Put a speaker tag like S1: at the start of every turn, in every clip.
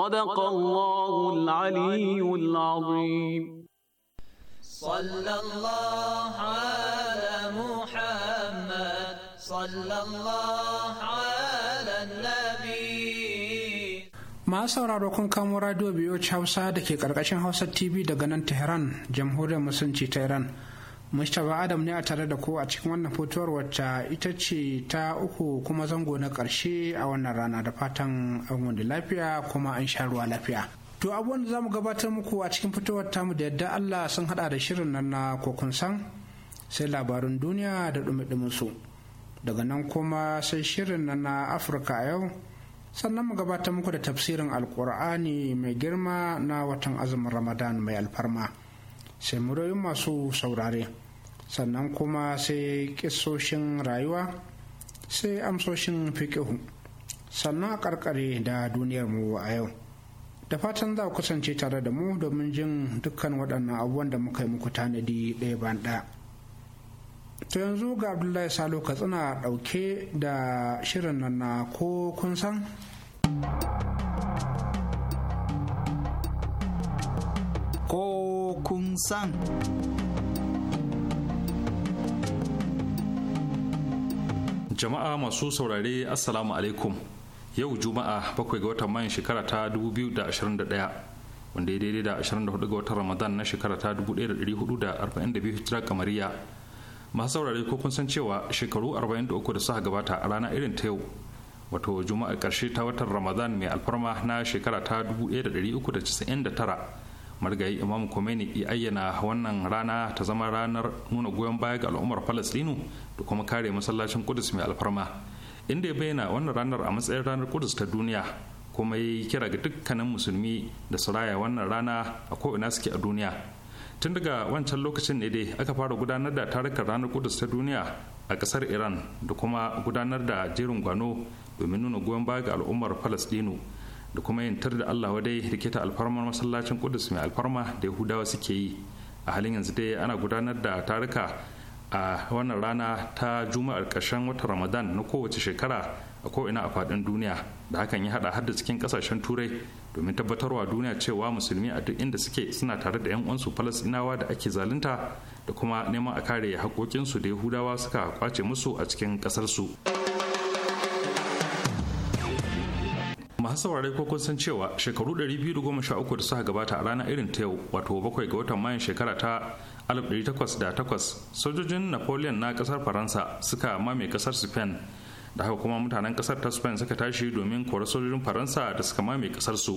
S1: صدق الله العلي العظيم صلى الله على محمد صلى الله على النبي
S2: masu sauraro kun kamo radio biyu hausa da ke ƙarƙashin hausa tv daga nan tehran jamhuriyar musulunci ta iran Mustapha Adam ne a tare da ko a cikin wannan fitowar wacce ita ce ta uku kuma zango na ƙarshe a wannan rana da fatan an da lafiya kuma an sha ruwa lafiya. To abubuwan da za mu gabatar muku a cikin fitowar tamu da yadda Allah sun hada da shirin nan na kokun san sai labarin duniya da dumi su. Daga nan kuma sai shirin nan na Afirka yau sannan mu gabatar muku da tafsirin alkur'ani mai girma na watan azumin Ramadan mai alfarma. Sai mu masu saurare. sannan kuma sai kisoshin rayuwa sai amsoshin fiƙihu, sannan a karkare da duniyarmu a yau da fatan za ku kusance tare da mu domin jin dukkan waɗannan abubuwan da muka yi muku tanadi ɗaya ban ɗaya to yanzu ga abdullahi salo katsina ɗauke da shirin nan na ko kun san
S3: ko kun san jama'a masu saurare assalamu alaikum yau juma'a bakwai ga watan mayan shekara ta 2021 wanda ya daidai da 24 ga watan ramadan na shekara ta 1442 hijira kamariya masu saurare ko kun san cewa shekaru 43 da suka gabata a rana irin ta yau wato juma'a karshe ta watan ramadan mai alfarma na shekara ta 1399 margayi imam khomeini ya ayyana wannan rana ta zama ranar nuna goyon baya ga al'ummar palestinu da kuma kare masallacin kudus mai alfarma inda ya bayyana wannan ranar a matsayin ranar kudus ta duniya kuma ya yi kira ga dukkanin musulmi da su raya wannan rana a ko'ina suke a duniya tun daga wancan lokacin ne dai aka fara gudanar da tarukan ranar kudus ta duniya a kasar iran da kuma gudanar da jerin gwano domin nuna goyon baya ga al'ummar palestinu da kuma yantar da Allah wadai da keta alfarmar masallacin Kudus mai alfarma da Yahudawa suke yi a halin yanzu dai ana gudanar da taruka a wannan rana ta juma'ar ƙarshen watan Ramadan na kowace shekara a ko'ina a faɗin duniya da hakan ya haɗa har da cikin ƙasashen turai domin tabbatarwa duniya cewa musulmi a duk inda suke suna tare da 'yan uwansu falasɗinawa da ake zalunta da kuma neman a kare haƙoƙinsu da yahudawa suka kwace musu a cikin ƙasarsu. masu saurare ko kun san cewa shekaru 213 da suka gabata a ranar irin ta yau wato bakwai ga watan mayan shekara ta 1808 sojojin napoleon na kasar faransa suka mame kasar spain da haka kuma mutanen kasar ta spain suka tashi domin kora sojojin faransa da suka mame kasar su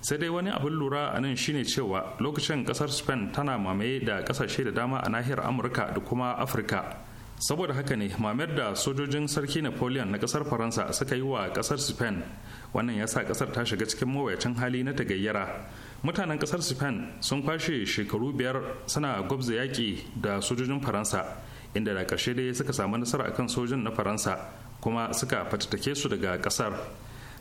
S3: sai dai wani abin lura a nan shine cewa lokacin kasar spain tana mamaye da kasashe da dama a nahiyar amurka da kuma afirka saboda haka ne mamayar da sojojin sarki napoleon na kasar faransa suka yi wa kasar spain wannan ya sa kasar ta shiga cikin mawuyacin hali na tagayyara mutanen kasar spain sun kwashe shekaru biyar suna gwabza yaƙi da sojojin faransa inda da ƙarshe dai suka samu nasara akan sojin na faransa kuma suka fatattake su daga kasar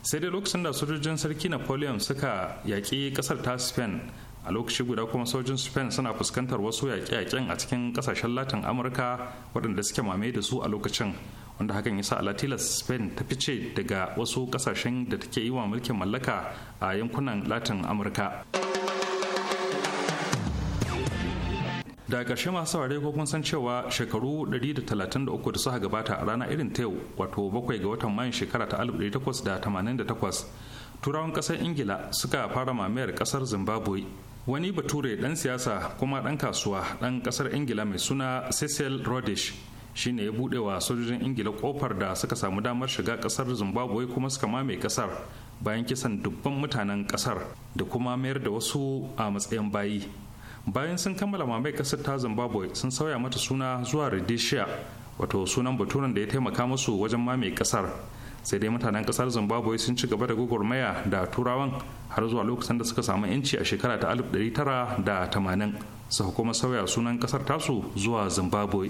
S3: sai dai lokacin da sojojin sarki napoleon suka yaƙi kasar ta spain a lokaci guda kuma sojin spain suna fuskantar wasu yaƙe-yaƙen a cikin ƙasashen latin amurka waɗanda suke mame da su a lokacin wanda hakan ya sa alatilas spain ta fice daga wasu kasashen da take yi wa mulkin mallaka a yankunan latin amurka da ƙarshe masu saurare ko kun san cewa shekaru 133 da suka gabata a rana irin ta yau wato bakwai ga watan mayun shekara ta 1888 turawan ƙasar ingila suka fara mamayar ƙasar zimbabwe wani bature ɗan siyasa kuma ɗan kasuwa ɗan ƙasar ingila mai suna cecil rodish shine ya buɗe wa sojojin ingila kofar da suka samu damar shiga kasar zimbabwe kuma suka mame kasar bayan kisan dubban mutanen kasar da kuma mayar da wasu a matsayin bayi bayan sun kammala mamaye kasar ta zimbabwe sun sauya mata suna zuwa rhodesia wato sunan baturen da ya taimaka musu wajen mame kasar sai dai mutanen kasar zimbabwe sun ci gaba da gwagwarmaya da turawan har zuwa lokacin da suka samu yanci a shekara ta 1980 su kuma sauya sunan kasar tasu zuwa zimbabwe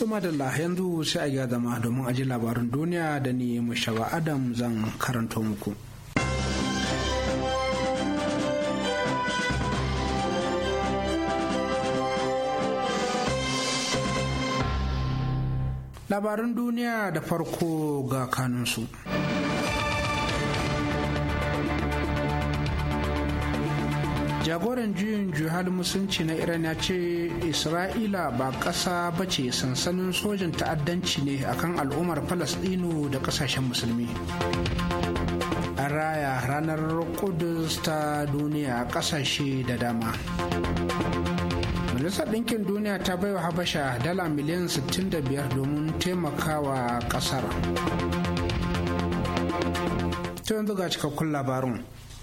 S2: To madalla yanzu sai a gyara zama domin aji labarin duniya da ni Mushaba Adam zan karanto muku. Labarin duniya da farko ga kanunsu. jagoran juyin juhal musulunci na iran ya ce isra'ila ba ƙasa ba ce sansanin sojin ta'addanci ne a kan al'ummar falasɗinu da ƙasashen musulmi A raya ranar kudus ta duniya a ƙasashe da dama majalisar ɗinkin duniya ta baiwa habasha dala miliyan 65 domin taimakawa ƙasar ta yanzu ga cikakkun labarin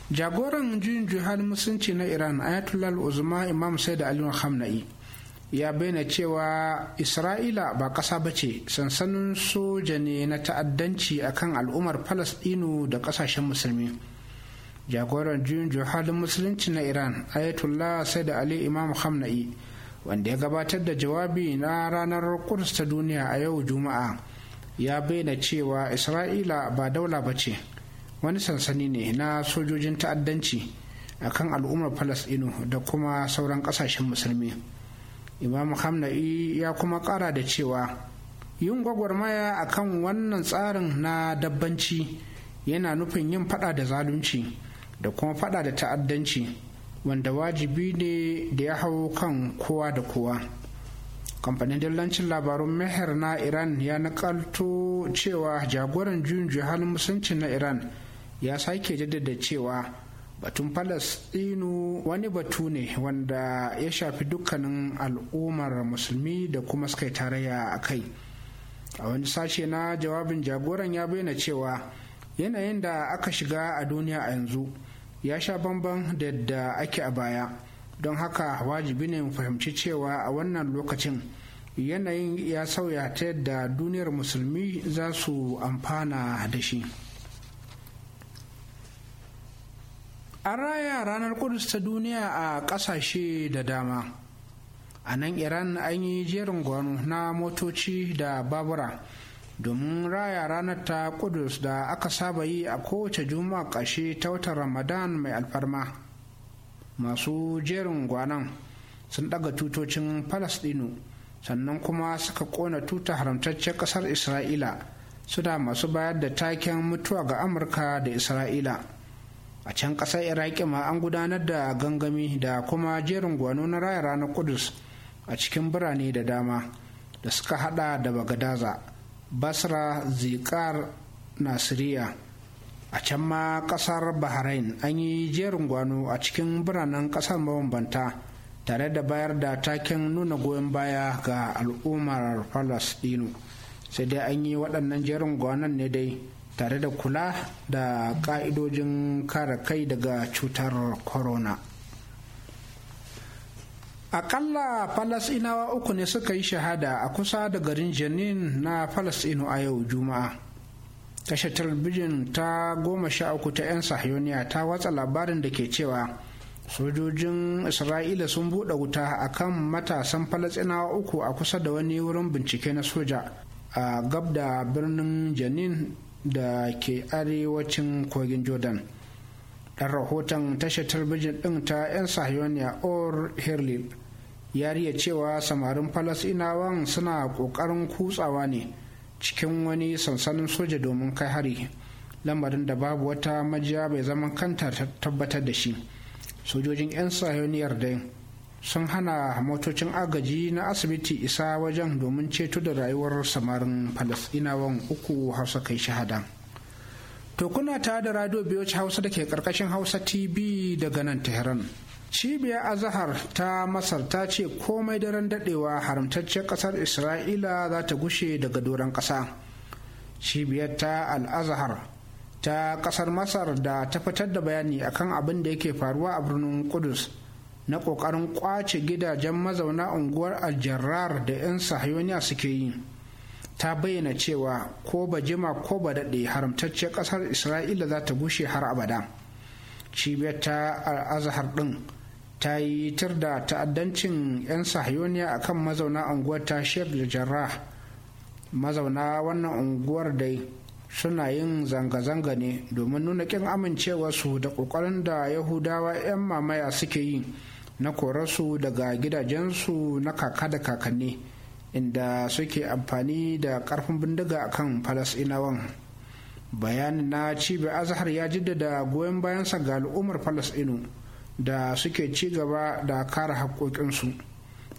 S2: jagoran juyin juhar musulunci na iran ayatollah uzma imam said ali hamna'i ya bayyana cewa isra'ila ba ƙasa ba ce sansanin soja ne na ta'addanci akan al'ummar Falasɗinu da ƙasashen musulmi jagoran juyin halin musulunci na iran ayatollah said ali imam hamna'i wanda ya gabatar da jawabi na ranar kudus duniya a yau juma'a ya bayyana cewa isra'ila ba daula ba ce wani sansani ne na sojojin ta'addanci a kan al'ummar falasɗinu da kuma sauran ƙasashen musulmi imam hamna'i ya kuma ƙara da cewa yin gwagwarmaya a kan wannan tsarin na dabbanci yana nufin yin fada da zalunci da kuma fada da ta'addanci wanda wajibi ne da ya hau kan kowa da kowa kamfanin dillancin labarun meher na iran ya nakalto cewa jagoran juyin halin musulunci na iran ya sake jaddada cewa batun Falasɗinu wani batu ne wanda ya shafi dukkanin al'ummar musulmi da kuma suka tarayya a kai a wani sashe na jawabin jagoran ya bayyana cewa yanayin da aka shiga a duniya a yanzu ya sha bamban da yadda ake a baya don haka wajibi ne mu fahimci cewa a wannan lokacin yanayin ya sauya ta yadda duniyar musulmi za su amfana da shi. an raya ranar kudus ta duniya a ƙasashe da dama a nan iran an yi jerin gwano na motoci da babura domin raya ranar ta kudus da aka saba yi a kowace juma'a ƙashe ta watan ramadan mai alfarma masu jerin gwanon sun ɗaga tutocin falasɗinu sannan kuma suka kona tuta haramtaccen ƙasar isra'ila suna masu bayar da taken mutuwa ga amurka da isra'ila a can ƙasar iraki ma an gudanar da gangami da kuma jerin gwano na raya ranar kudus a cikin birane da dama da suka hada da bagadaza basra zikar nasiriya a can ma ƙasar bahrain an yi jerin gwano a cikin biranen ƙasar mabambanta tare da bayar da takin nuna goyon baya ga al'ummar palestino sai dai an yi waɗannan jerin gwanon ne dai tare da kula da ƙa'idojin kare kai daga cutar corona akalla falasinawa uku ne suka yi shahada a kusa da garin janin na falasino a yau juma'a tashar talbijin ta goma sha uku ta 'yan sahiyoniya ta watsa labarin da ke cewa sojojin isra'ila sun buɗe wuta a kan matasan falasinawa uku a kusa da wani wurin bincike na soja a gab da birnin janin da ke arewacin kogin jordan ɗan rahoton tashar talbijin ɗin ta 'yan sahiyoniya or herlil ya riya cewa samarin falasinawan suna ƙoƙarin kutsawa ne cikin wani sansanin soja domin kai hari lamarin da babu wata majiya bai zama kanta tabbatar da shi sojojin 'yan sahiyoniyar dai sun hana motocin agaji na asibiti isa wajen domin ceto da rayuwar samarin falasinawan uku hausa kai shahada to kuna ta da radio biyoci hausa da ke karkashin hausa tv daga nan tehran cibiyar azahar ta masar ta ce komai daren dadewa haramtacciyar kasar isra'ila za ta gushe daga doron kasa cibiyar ta al'azahar ta kasar masar da ta fitar da bayani akan abin da yake faruwa a birnin kudus na ƙoƙarin ƙwace gidajen mazauna unguwar aljarrar da 'yan sahayoniya suke yi ta bayyana cewa ko ba jima ko ba daɗe haramtacce ƙasar isra'ila za ta bushe har abada cibiyar ta azahar ɗin ta yi tir da ta'addancin 'yan sahayoniya a kan mazauna unguwar ta sheikh jarrah mazauna wannan unguwar dai suna yin zanga-zanga ne domin nuna ƙin amincewarsu da ƙoƙarin da yahudawa 'yan mamaya suke yi na korarsu daga gidajensu na kaka da kakanni inda suke amfani da karfin bindiga akan falasinawan bayanin na cibiyar azhar ya jaddada goyon bayansa ga al'ummar falasinu da suke ci gaba da kare haƙoƙinsu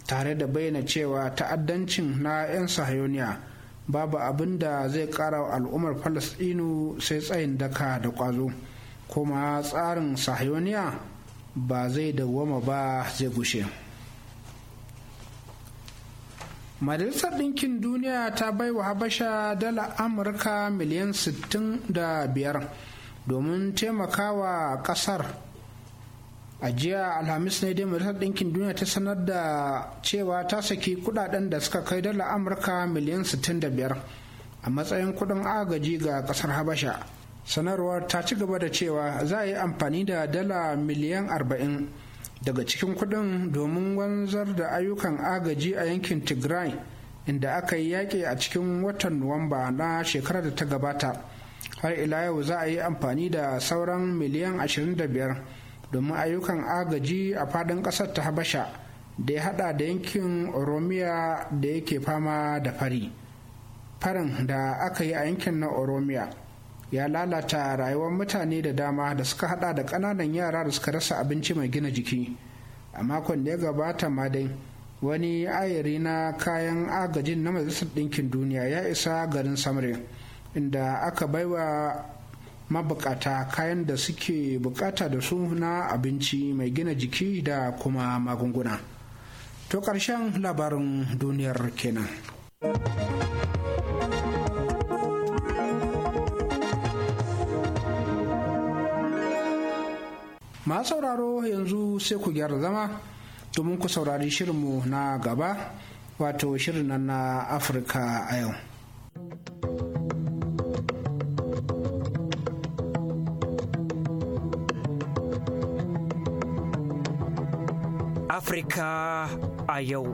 S2: tare da bayyana cewa ta'addancin na 'yan sahayoniya babu abin da zai ƙara wa al'ummar falasinu sai tsayin daka da ƙwazo kuma tsarin sahayoniya ba zai dawwama ba zai gushe majalisar ɗinkin duniya ta bai wa habasha dala amurka miliyan 65 domin taimakawa ƙasar a jiya alhamis ne dai majalisar ɗinkin duniya ta sanar da cewa ta saki kudaden da suka kai dala amurka miliyan 65 a matsayin kudin agaji ga ƙasar habasha sanarwar ta ci gaba da cewa za a yi amfani da dala miliyan 40 daga cikin kudin domin wanzar da ayyukan agaji a yankin tigray inda aka yi yaƙi a cikin watan nuwamba na shekarar da ta gabata har ila yau za a yi amfani da sauran miliyan 25 domin ayyukan agaji a fadin ƙasar ta habasha da ya hada da yankin oromiya da yake fama da fari farin da aka yi a yankin na oromiya ya lalata rayuwar mutane da dama da suka hada da ƙananan yara da suka rasa abinci mai gina jiki a makon da ya gabata ma dai wani ayari na kayan agajin na majalisar ɗinkin duniya ya isa garin samre inda aka baiwa mabukata kayan da suke bukata da su na abinci mai gina jiki da kuma magunguna to ƙarshen labarin duniyar kenan ma sauraro yanzu sai ku gyara zama domin ku saurari shirinmu na gaba wato shirin nan na afirka a yau
S4: Afirka a yau.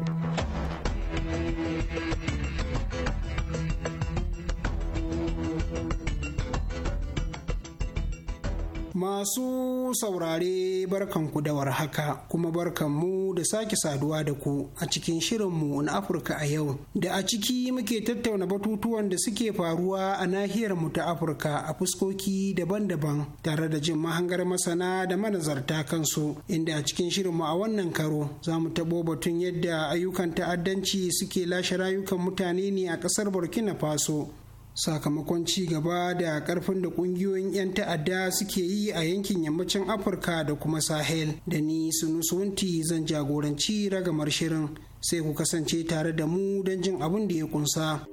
S5: Masu saurare barkanku da warhaka kuma barkanmu da sake saduwa da ku a cikin shirinmu na Afirka a yau. Da a ciki muke tattauna batutuwan da suke faruwa a nahiyar mu ta Afirka a fuskoki daban-daban tare da jin mahangar masana da manazarta kansu inda a cikin shirinmu a wannan karo za mu tabo batun yadda ayyukan ta'addanci suke lashe rayukan mutane ne a ƙasar Burkina Faso sakamakon ci gaba da karfin da kungiyoyin 'yan ta'adda suke yi a yankin yammacin afirka da kuma sahel da ni sunusunti zan jagoranci ragamar shirin sai ku kasance tare da mu don jin abin da ya kunsa.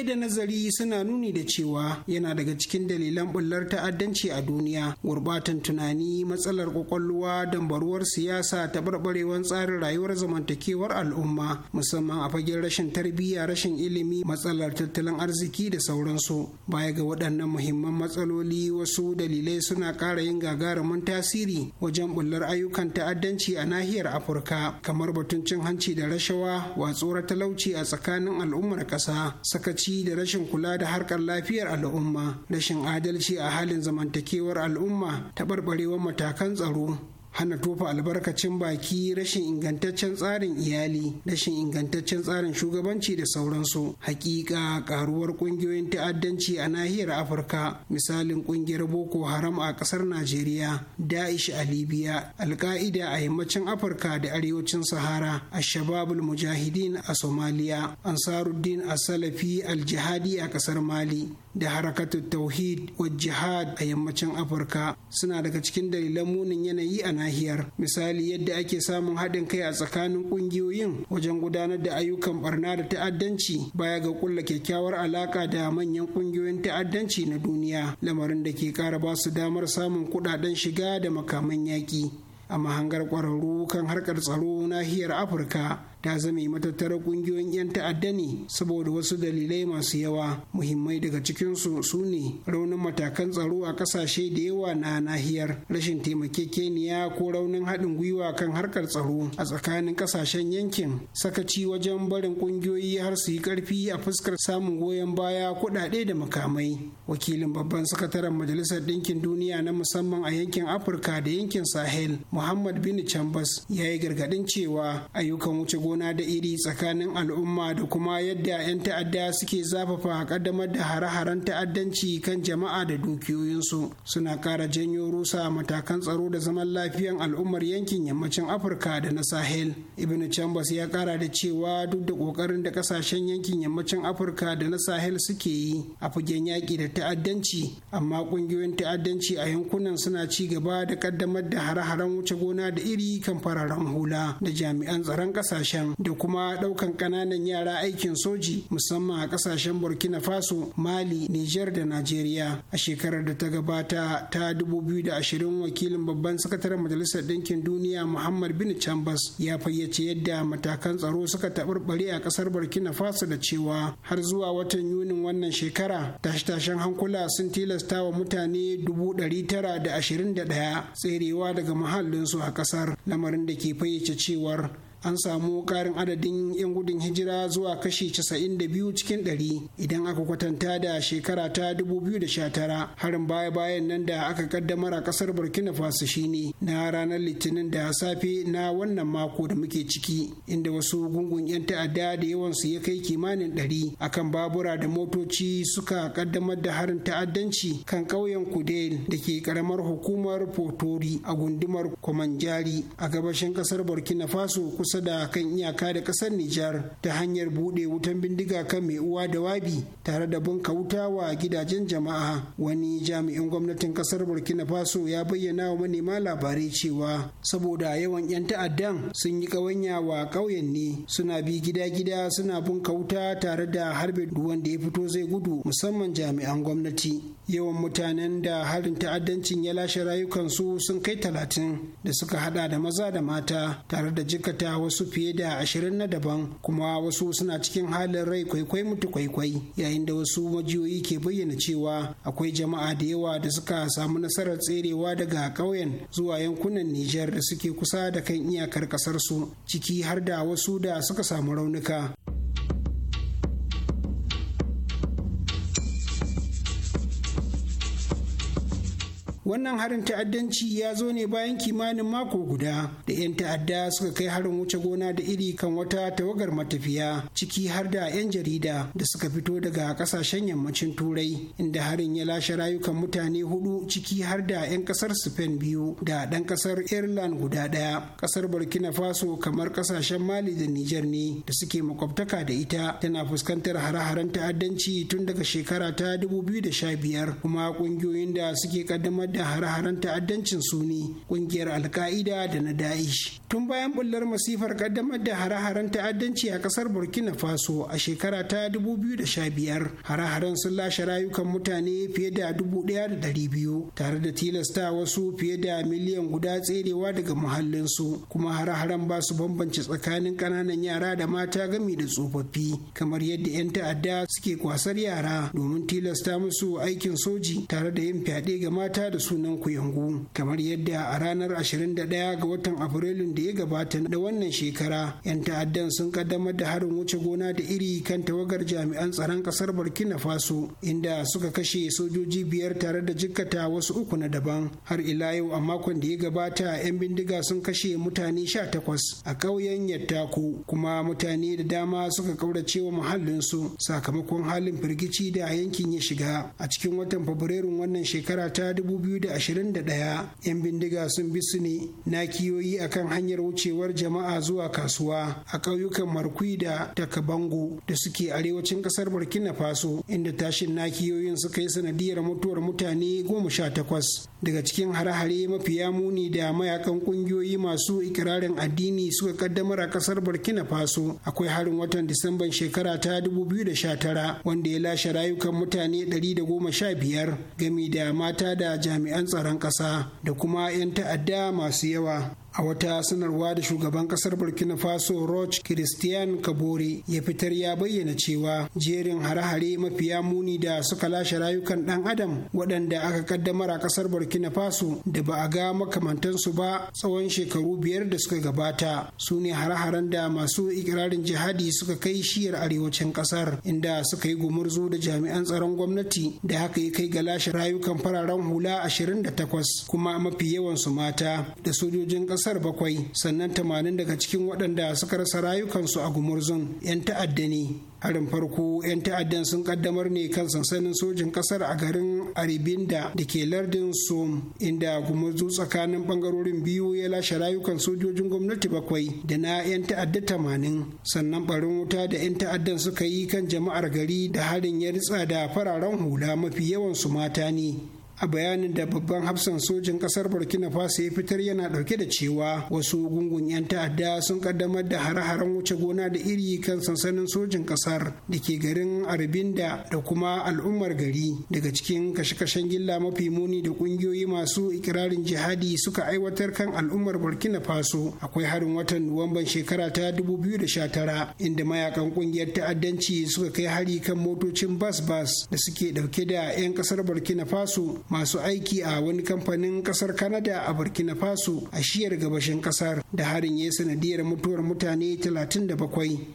S5: bincike da nazari suna nuni da cewa yana daga cikin dalilan bullar ta'addanci a duniya gurbatan tunani matsalar kwakwalwa dambaruwar siyasa ta taɓarɓarewar tsarin rayuwar zamantakewar al'umma musamman a fagen rashin tarbiyya rashin ilimi matsalar tattalin arziki da sauransu baya ga waɗannan muhimman matsaloli wasu dalilai suna ƙara yin gagarumin tasiri wajen bullar ayyukan ta'addanci a nahiyar afirka kamar batun cin hanci da rashawa watsuwar talauci a tsakanin al'ummar ƙasa sakaci sakaci da rashin kula da harkar lafiyar al'umma rashin adalci a halin zamantakewar al'umma taɓarɓarewar matakan tsaro hana tofa albarkacin baki rashin ingantaccen tsarin iyali rashin ingantaccen tsarin shugabanci da sauransu hakika karuwar kungiyoyin ta'addanci a nahiyar afirka misalin kungiyar boko haram a kasar najeriya da'ish a libya alka'ida a yammacin afirka da arewacin sahara ashababul mujahidin a somaliya ansaruddin a salafi Aljihadi a kasar mali da harakatu tauhid wa jihad a yammacin afirka suna daga cikin dalilan munin yanayi a nahiyar misali yadda ake samun haɗin kai a tsakanin ƙungiyoyin wajen gudanar da ayyukan barna da ta'addanci baya ga kulla kyakkyawar alaƙa da manyan ƙungiyoyin ta'addanci na duniya lamarin da ke ƙara ba su damar samun kuɗaɗen shiga da makaman yaƙi a mahangar kwararru kan harkar tsaro nahiyar afirka ta zame matattara kungiyoyin 'yan ta'adda ne saboda wasu dalilai masu yawa muhimmai daga cikinsu su ne raunin matakan tsaro a kasashe da yawa na nahiyar rashin taimakekeniya ko raunin haɗin gwiwa kan harkar tsaro a tsakanin kasashen yankin sakaci wajen barin kungiyoyi har su yi ƙarfi a fuskar samun goyon baya kuɗaɗe da makamai wakilin babban sakataren majalisar ɗinkin duniya na musamman a yankin afirka da yankin sahel muhammad bin Chambas ya yi gargadin cewa ayyukan wuce gona da iri tsakanin al'umma da kuma yadda 'yan ta'adda suke zafafa a kaddamar da hare-haren ta'addanci kan jama'a da dukiyoyinsu suna ƙara janyo rusa matakan tsaro da zaman lafiyan al'ummar yankin yammacin afirka da na sahel ibn chambers ya ƙara da cewa duk da ƙoƙarin da ƙasashen yankin yammacin afirka da na sahel suke yi a fagen yaƙi da ta'addanci amma ƙungiyoyin ta'addanci a yankunan suna ci gaba da ƙaddamar da hare-haren wuce wuce gona da iri kan fararen hula da jami'an tsaron kasashen da kuma daukan kananan yara aikin soji musamman a kasashen burkina faso mali niger da najeriya a shekarar da ta gabata ta 2020 wakilin babban sakataren majalisar Dinkin duniya muhammad bin chambers ya fayyace yadda matakan tsaro suka taɓarɓare a ƙasar burkina faso da cewa har zuwa watan yunin wannan shekara tashe-tashen hankula sun tilasta wa mutane da 921 tserewa daga muhallin su a kasar lamarin da ke fayyace cewar an samu karin adadin 'yan gudun hijira zuwa kashi 92 cikin 100 idan aka kwatanta da shekara ta 2019 harin baya-bayan nan da aka kaddamar a kasar burkina faso shine na ranar litinin da safe na wannan mako da muke ciki inda wasu gungun 'yan ta'adda da yawan su ya kai kimanin 100 akan babura da motoci suka kaddamar da harin ta'addanci kan ƙauyen kudel da ke karamar hukumar potori a gundumar kwamanjari a gabashin kasar burkina faso kusa da kan iyaka da ƙasar Nijar ta hanyar buɗe wutan bindiga kan mai uwa da wabi tare da bunka wuta wa gidajen jama'a. Wani jami'in gwamnatin ƙasar Burkina Faso ya bayyana wa manema labarai cewa saboda yawan 'yan ta'addan sun yi ƙawanya wa ƙauyen ne suna bi gida-gida suna bunka wuta tare da harbin duwan da ya fito zai gudu musamman jami'an gwamnati. yawan mutanen da harin ta'addancin ya lashe rayukansu sun kai talatin da suka hada da maza da mata tare da jikata wasu fiye da ashirin na daban kuma wasu suna cikin halin rai kwaikwai mutu kwaikwai yayin da wasu majiyoyi ke bayyana cewa akwai jama'a da yawa da suka samu nasarar tserewa daga ƙauyen zuwa yankunan Nijar da suke kusa da kan iyakar ƙasarsu ciki har da wasu da suka samu raunuka. wannan harin ta'addanci ya zo ne bayan kimanin mako guda da 'yan ta'adda suka kai harin wuce gona da iri kan wata tawagar matafiya ciki har da 'yan jarida da suka fito daga kasashen yammacin turai inda harin ya lashe rayukan mutane hudu ciki har da 'yan kasar spain biyu da ɗan kasar ireland guda ɗaya kasar burkina faso kamar kasashen mali da niger ne da suke makwabtaka da ita tana fuskantar hare-haren ta'addanci tun daga shekara ta 2015 kuma ƙungiyoyin da suke kaddamar da da hare-haren ta'addancin suni kungiyar alka'ida da na da'ish tun bayan bullar masifar kaddamar da hare-haren ta'addanci a kasar burkina faso a shekara ta 2015 hare-haren sun lashe rayukan mutane fiye da 1,200 tare da tilasta wasu fiye da miliyan guda tserewa daga muhallinsu kuma hare-haren ba su bambance tsakanin ƙananan yara da mata gami da tsofaffi kamar yadda 'yan ta'adda suke kwasar yara domin tilasta musu aikin soji tare da yin fyaɗe ga mata da su sunan kuyangu kamar yadda a ranar 21 ga watan afrilun da ya gabata da wannan shekara 'yan ta'addan sun kaddamar da harin wuce gona da iri kan tawagar jami'an tsaron kasar burkina faso inda suka kashe sojoji biyar tare da jikkata wasu uku na daban har ila yau a makon da ya gabata 'yan bindiga sun kashe mutane sha takwas a ƙauyen yattako kuma mutane da dama suka kaurace wa muhallinsu sakamakon halin firgici da yankin ya shiga a cikin watan fabrairun wannan shekara ta biyu 2021 'yan bindiga sun bi su ne na kiyoyi akan hanyar wucewar jama'a zuwa kasuwa a ƙauyukan markwi da takabango da suke arewacin ƙasar burkina faso inda tashin nakiyoyin suka yi sanadiyar mutuwar mutane goma sha takwas daga cikin hare-hare mafiya muni da mayakan ƙungiyoyi masu ikirarin addini suka kaddamar a ƙasar burkina faso akwai harin watan disamban shekara ta 2019 wanda ya lashe rayukan mutane 115 gami da mata da jami'ai jami'an tsaron ƙasa da kuma 'yan ta'adda masu yawa a wata sanarwa da shugaban kasar burkina faso roch christian kabore ya fitar ya bayyana cewa jerin hare-hare mafiya muni da suka lashe rayukan dan adam waɗanda aka kaddamar a kasar burkina faso da ba a ga makamantansu ba tsawon shekaru biyar da suka gabata su ne hare-haren da masu ikirarin jihadi suka kai shiyar arewacin kasar inda suka yi gumurzu da jami'an tsaron gwamnati da haka ya kai ga lashe rayukan fararen hula 28 kuma mafi yawan su mata da sojojin kasar bakwai sannan tamanin daga cikin waɗanda suka rasa rayukansu a gumurzun 'yan ta'adda ne harin farko 'yan ta'addan sun kaddamar ne kan sansanin sojin kasar a garin aribinda da ke lardin som inda gumurzu tsakanin bangarorin biyu ya lashe rayukan sojojin gwamnati bakwai da na 'yan ta'adda tamanin sannan barin wuta da 'yan ta'addan suka yi kan jama'ar gari da harin ya ritsa da fararen hula mafi yawan su mata ne a bayanin da babban hafsan sojin kasar burkina faso ya fitar yana dauke da cewa wasu gungun 'yan ta'adda sun kaddamar da hare-haren wuce gona da iri kan sansanin sojin kasar da ke garin arbinda da kuma al'ummar gari daga cikin kashe-kashen gilla mafi muni da kungiyoyi masu ikirarin jihadi suka aiwatar kan al'ummar burkina faso akwai harin watan nuwamban shekara ta 2019 inda mayakan kungiyar ta'addanci suka kai hari kan motocin bas-bas da suke dauke da 'yan kasar burkina faso masu aiki a wani kamfanin kasar kanada a Burkina Faso a shiyar gabashin kasar da harin ya sanadiyar mutuwar mutane 37.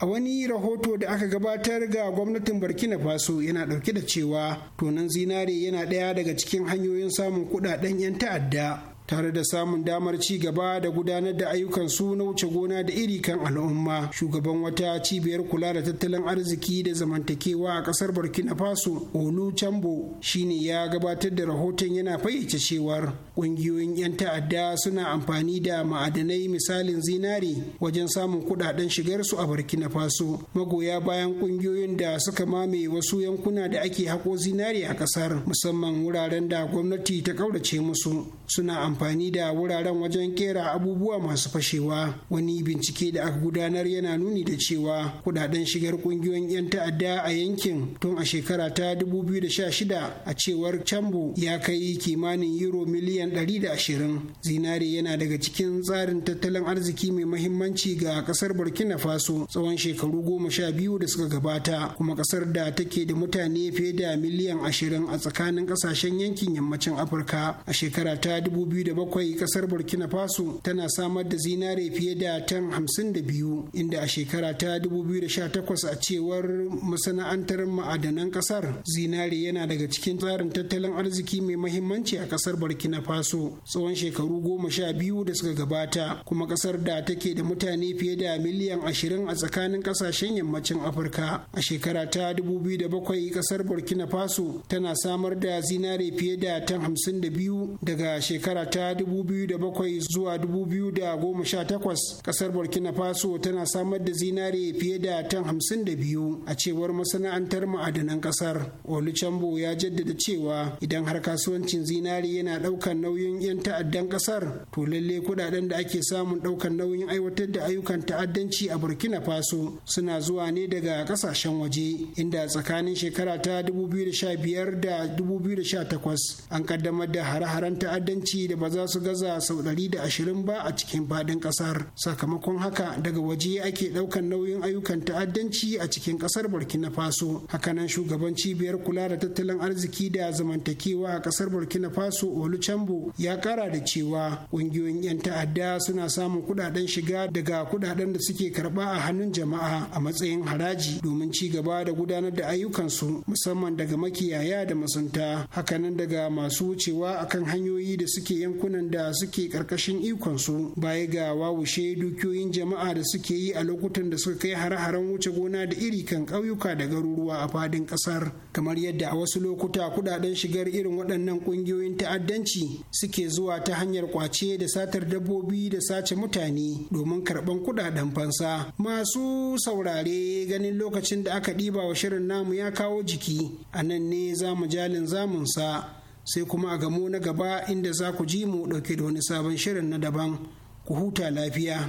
S5: a wani rahoto da aka gabatar ga gwamnatin burkina faso yana ɗauke da cewa tonon zinare yana ɗaya daga cikin hanyoyin samun kudaden 'yan ta'adda tare da samun damar ci gaba da gudanar da ayyukan su na wuce gona da iri kan al'umma shugaban wata cibiyar kula da tattalin arziki da zamantakewa a kasar burkina faso olu chambo shine ya gabatar da rahoton yana fayyace cewar ƙungiyoyin 'yan ta'adda suna amfani da ma'adanai misalin zinare wajen samun kuɗaɗen shigar su a burkina faso magoya bayan ƙungiyoyin da suka mame wasu yankuna da ake haƙo zinare a kasar musamman wuraren da gwamnati ta ƙaurace musu suna amfani da wuraren wajen kera abubuwa masu fashewa wani bincike da aka gudanar yana nuni da cewa kudaden shigar kungiyoyin 'yan ta'adda a yankin tun a shekara ta 2016 a cewar cambo ya kai kimanin euro miliyan 120 zinare yana daga cikin tsarin tattalin arziki mai mahimmanci ga kasar burkina faso tsawon shekaru goma sha biyu da suka gabata kuma kasar da take da mutane fiye da miliyan ashirin a tsakanin kasashen yankin yammacin afirka a shekara ta 2000 2007 kasar burkina faso tana samar da zinare fiye da tan 52 inda a shekara ta 2018 a cewar masana'antar ma'adanan kasar zinare yana daga cikin tsarin tattalin arziki mai mahimmanci a kasar burkina faso tsawon shekaru goma sha biyu da suka gabata kuma kasar da take da mutane fiye da miliyan 20 a tsakanin kasashen yammacin afirka a shekara ta 2007 kasar burkina faso tana samar da zinare fiye da tan 52 daga shekara ta 2007 zuwa 2018 kasar burkina faso tana samar da zinare fiye da tan 52 a cewar masana'antar ma'adanan kasar Olucambo ya jaddada cewa idan har kasuwancin zinare yana ɗaukar nauyin 'yan ta'addan kasar to lalle kudaden da ake samun ɗaukar nauyin aiwatar da ayyukan ta'addanci a burkina faso suna zuwa ne daga kasashen waje inda tsakanin shekara ta 2015 da 2018 an kaddamar da hare-haren ta'addanci da ba za su gaza sau 120 ba a cikin faɗin ƙasar sakamakon haka daga waje ake ɗaukan nauyin ayyukan ta'addanci a cikin ƙasar burkina faso hakanan shugaban cibiyar kula da tattalin arziki da zamantakewa a ƙasar burkina faso oluchambo ya ƙara da cewa ƙungiyoyin 'yan ta'adda suna samun kuɗaɗen shiga daga kuɗaɗen da suke karɓa a hannun jama'a a matsayin haraji domin ci gaba da gudanar da ayyukansu musamman daga makiyaya da masunta hakanan daga masu wucewa akan hanyoyi da suke yin yankunan da suke ƙarƙashin su baya ga wawushe dukiyoyin jama'a da suke yi a lokutan da suka kai hare-haren wuce gona da iri kan ƙauyuka da garuruwa a fadin kasar kamar yadda a wasu lokuta kudaden shigar irin waɗannan ƙungiyoyin ta'addanci suke zuwa ta hanyar kwace da satar dabbobi da sace mutane domin karɓan kudaden fansa masu saurare ganin lokacin da aka ɗiba wa shirin namu ya kawo jiki a nan ne zamu jalin zamunsa sai kuma a gamo na gaba inda za ku ji mu ɗauke da wani sabon shirin na daban ku huta lafiya.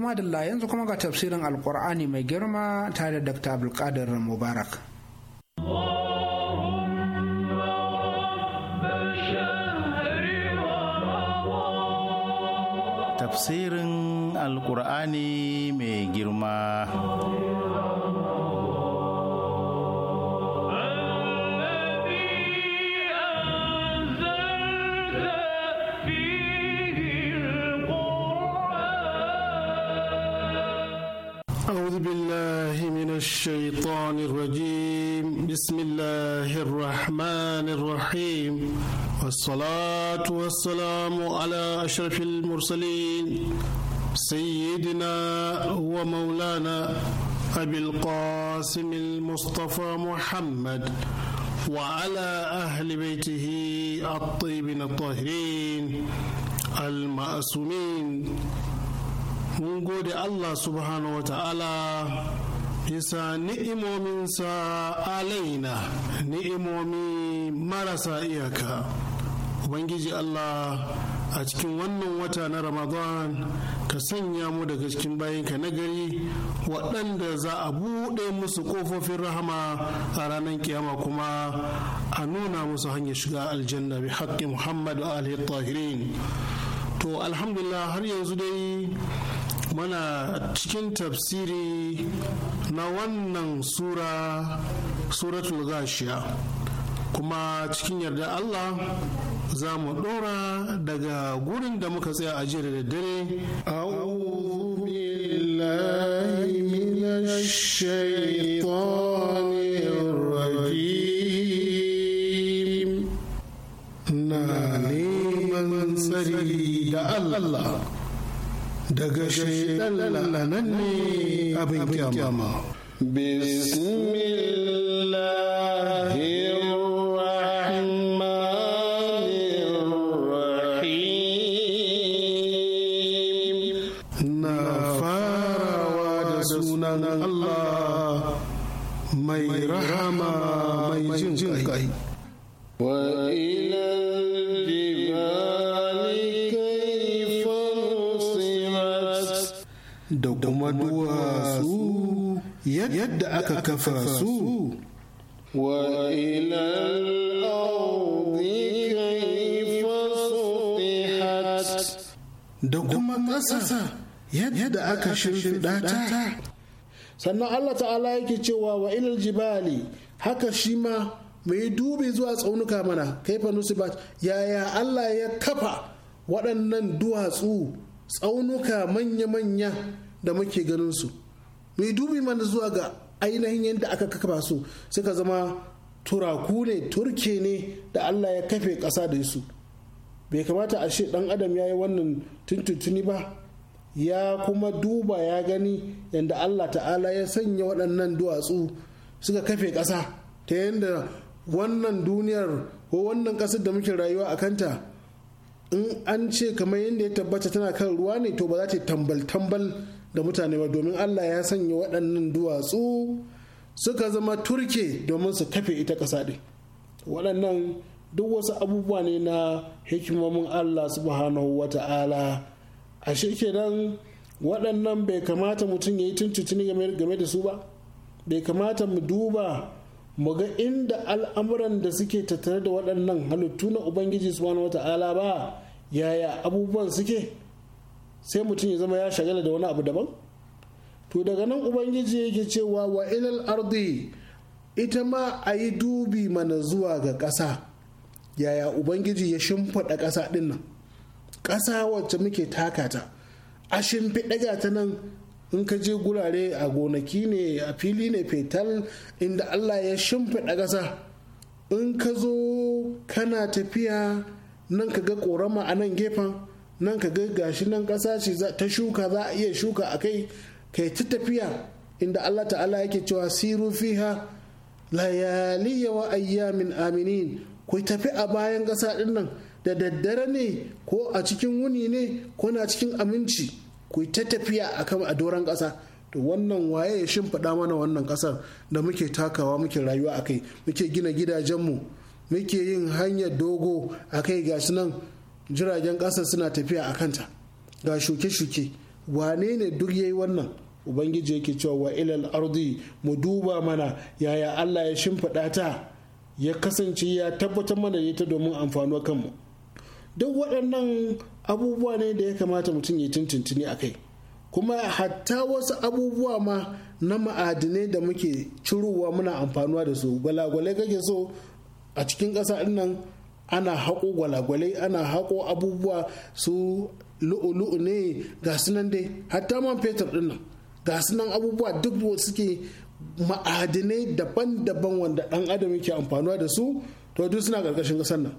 S2: madalla yanzu kuma ga tafsirin alƙur'ani mai girma tare da dr abdulkadir mubarak
S6: tafsirin alkur'ani mai girma الشيطان الرجيم بسم الله الرحمن الرحيم والصلاة والسلام على أشرف المرسلين سيدنا ومولانا أبي القاسم المصطفى محمد وعلى أهل بيته الطيبين الطاهرين المأسومين mun gode Allah subhanahu wa ta'ala bisa علينا نئم من marasa iyaka ubangiji allah a cikin wannan wata na ramadan ka sanya mu daga cikin bayanka na gari waɗanda za a buɗe musu ƙofofin rahama a ranar kiyama kuma a nuna musu hanyar shiga aljanna bi haƙƙi muhammad al tahirin to alhamdulillah har yanzu dai mana cikin tafsiri na wannan sura suratul gashiya kuma cikin yarda Allah za mu ɗora daga gurin da muka tsaya a jiya da dare أعوذ بالله من الشيطان الرجيم نعم سري الله daga shaidan lalanan ne abin kyama. Bismillahirrahmanirrahim yadda aka kafa su da kuma ƙasa yadda aka shimfiɗa ta. Sannan Allah ta'ala yake cewa wa ilal jibali haka shi ma mai dubi zuwa tsaunuka mana kaifa ba yaya Allah ya kafa waɗannan duwatsu tsaunuka manya-manya da muke ganin su. mai dubi mana zuwa ga ainihin yadda aka kafa su suka zama turaku ne turke ne da allah ya kafe ƙasa da su bai kamata a ce dan adam ya yi wannan tuntuntuni ba ya kuma duba ya gani yadda allah ta'ala ya sanya waɗannan duwatsu suka kafe ƙasa ta yadda wannan duniyar ko wannan ƙasar da muke rayuwa a kanta in an ce kamar yadda ya tabbata tana kan ruwa ne to ba za ta tambal tambal da mutane ba domin Allah ya sanya waɗannan duwatsu suka zama turke domin su kafe ita ƙasa ɗin waɗannan duk wasu abubuwa ne na hikimomin Allah subhanahu wa ta'ala a kenan waɗannan bai kamata mutum ya yi tuntutuni game da su ba bai kamata mu duba mu ga inda al'amuran da suke tattare da waɗannan halittu na ubangiji subhanahu wa ta'ala ba yaya abubuwan suke sai mutum ya zama ya shagala da wani abu daban to daga nan ubangiji yake cewa wa ilal ardi ita ma a yi dubi mana zuwa ga ƙasa yaya ubangiji ya shimfiɗa ƙasa ɗin nan ƙasa wacce muke takata a shimfiɗa ta nan in ka je gurare a gonaki ne a fili ne fetal inda allah ya shimfiɗa ƙasa in ka zo kana tafiya nan ka ga ƙorama a nan gefen nan ka ga gashi nan ƙasa ce ta shuka za a iya shuka a kai kai ta tafiya inda Allah ta'ala yake cewa siru fiha layaliya wa ayyamin aminin ku tafi a bayan ƙasa ɗin nan da daddare ne ko a cikin wuni ne ko na cikin aminci ku ta tafiya akan a doron ƙasa to wannan waye ya shimfiɗa mana wannan ƙasar da muke takawa muke rayuwa akai muke gina gidajen mu muke yin hanyar dogo a kai gashi nan jiragen ƙasa suna tafiya a kanta ga shuke-shuke wane ne duk yayi wannan ubangiji yake cewa wa ilal ardi mu duba mana yaya allah ya shimfiɗa ta ya kasance ya tabbatar mana ta domin amfanuwa kanmu duk waɗannan abubuwa ne da ya kamata mutum ya tuntuntuni a kai kuma hatta wasu abubuwa ma na ma'adinai da muke cirowa muna amfanuwa da su gwalagwalai kake so a cikin ƙasa nan ana haƙo gwalagwalai ana haƙo abubuwa su lu'ulu'u ne ga sunan dai hatta man fetur ɗin nan ga sunan abubuwa duk suke ma'adinai daban-daban wanda ɗan adam yake amfanuwa da su to duk suna ƙarƙashin ƙasar nan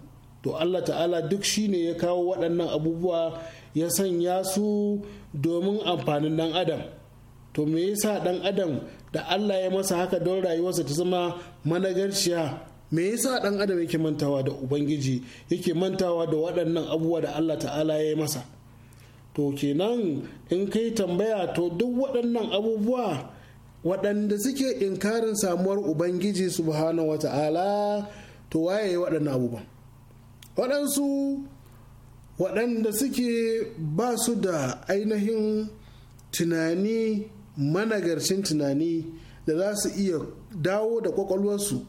S6: to Allah ta'ala duk shine ya kawo waɗannan abubuwa ya sanya su domin amfanin ɗan adam to me yasa ɗan adam da Allah ya masa haka don rayuwarsa ta zama managarciya me yasa dan adam yake mantawa da ubangiji yake mantawa da waɗannan abubuwa da Allah ta'ala ya yi masa to kenan in kai tambaya to duk waɗannan abubuwa waɗanda suke inkarin samuwar ubangiji subhanahu wa ta'ala to waye waɗannan abubuwan waɗansu waɗanda suke ba su da ainihin tunani managarcin tunani da za su iya dawo da kwakwalwarsu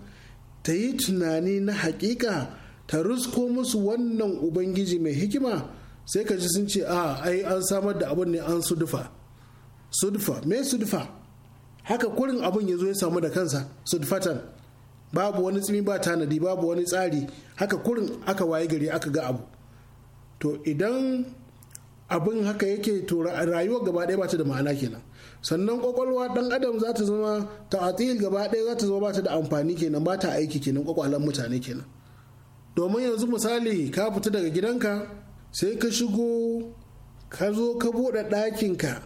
S6: ta yi tunani na hakika ta rusko musu wannan ubangiji mai hikima sai ka ji sun ce a ah, ai an samar da abin ne an sudufa sudufa me sudufa haka kurin abin ya zo ya samu da kansa sudfatan babu wani tsimi ba tanadi babu wani tsari haka kurin aka waye gari aka ga abu to idan abin haka yake to rayuwa gaba ɗaya bata da ma'ana kenan sannan kwakwalwa dan adam za ta zama ta'atil gaba ɗaya za ta zama bata da amfani kenan bata aiki kenan kwakwalan mutane kenan domin yanzu misali ka fita daga gidanka sai ka shigo ka zo ka buɗe ɗakinka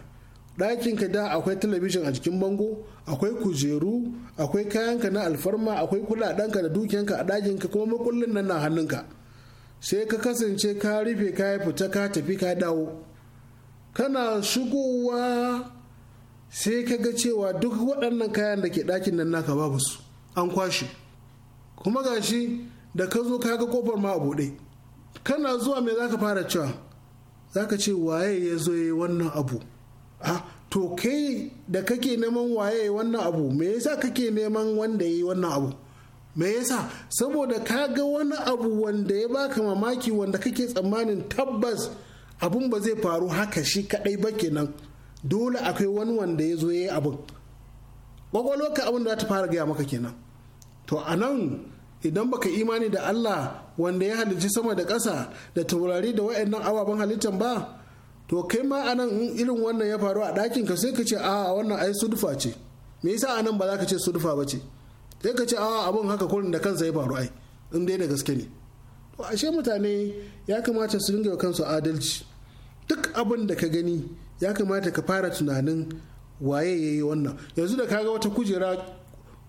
S6: ɗakinka da akwai talabijin a jikin bango akwai kujeru akwai kayanka na alfarma akwai kuɗaɗenka da dukiyanka a ɗakinka kuma makullin nan na hannunka sai ka kasance ka rufe ka fita ka tafi ka dawo kana shigowa sai ka ga cewa duk waɗannan kayan da ke ɗakin nan naka babu su an kwashe kuma gashi da ka zo ka ga kofar ma a buɗe kana zuwa me zaka fara cewa zaka ce waye ya zo yi wannan abu ah to kai da kake neman waye wannan abu me yasa kake neman wanda ya yi wannan abu me yasa saboda ka ga wani abu wanda ya baka mamaki wanda kake tsammanin tabbas abun ba zai faru haka shi kadai ba kenan dole akwai wani wanda ya zo ya yi abin kwakwalwar ka abin da ta fara gaya maka kenan to a nan idan baka imani da Allah wanda ya halicci sama da ƙasa da taurari da wa'annan ababen halittan ba to kai ma a nan irin wannan ya faru a ɗakin ka sai ka ce a wannan ai sudufa ce me yasa a nan ba za ka ce sudufa ba ce sai ka ce awa abin haka kurin da kansa ya faru ai in dai da gaske ne to ashe mutane ya kamata su dinga kansu adalci duk abin da ka gani ya kamata ka fara tunanin waye ya yi wannan yanzu da kaga wata kujera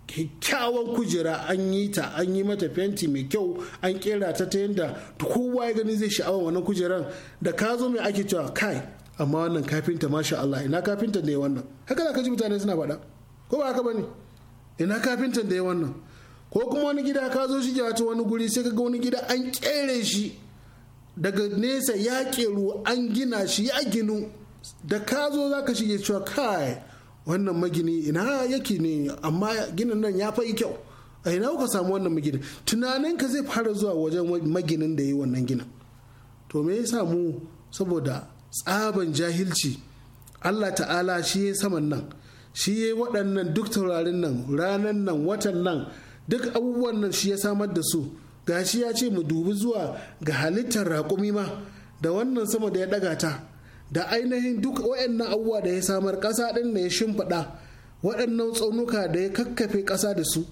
S6: kyakkyawan kujera an yi ta an yi mata fenti mai kyau an kera ta ta yadda kowa ya gani zai sha'awar wannan kujeran da ka zo mai ake cewa kai amma wannan kafinta masha Allah ina kafinta ne wannan haka da ka ji mutane suna faɗa ko ba haka bane ina kafintan da ya wannan ko kuma wani gida ka zo shi wato wani guri sai ka ga wani gida an kere shi daga nesa ya keru an gina shi ya ginu da ka zo za ka shige cewa kai wannan magini ina yake ne amma ginin nan ya fa'i kyau a ina kuka samu wannan maginin tunaninka zai fara zuwa wajen maginin da ya yi wannan ginin to me ya samu saboda tsaban jahilci Allah ta'ala shi ya saman nan shi ya waɗannan duk taurarin nan ranan nan watan nan duk abubuwan nan shi ya samar da su gashi ya ce mu dubi zuwa ga halittar raƙumi ma da wannan sama da ya ɗaga ta da ainihin duk waɗannan abubuwa da ya samar ƙasa ɗin da ya shimfiɗa waɗannan tsaunuka da ya kakkafe ƙasa da su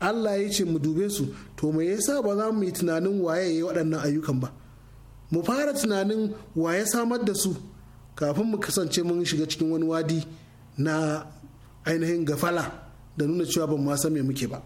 S6: Allah ya ce mu dube su to me yasa ba za mu yi tunanin waye ya yi waɗannan ayyukan ba mu fara tunanin waye samar da su kafin mu kasance mun shiga cikin wani wadi na ainihin gafala da nuna cewa ban ma san me muke ba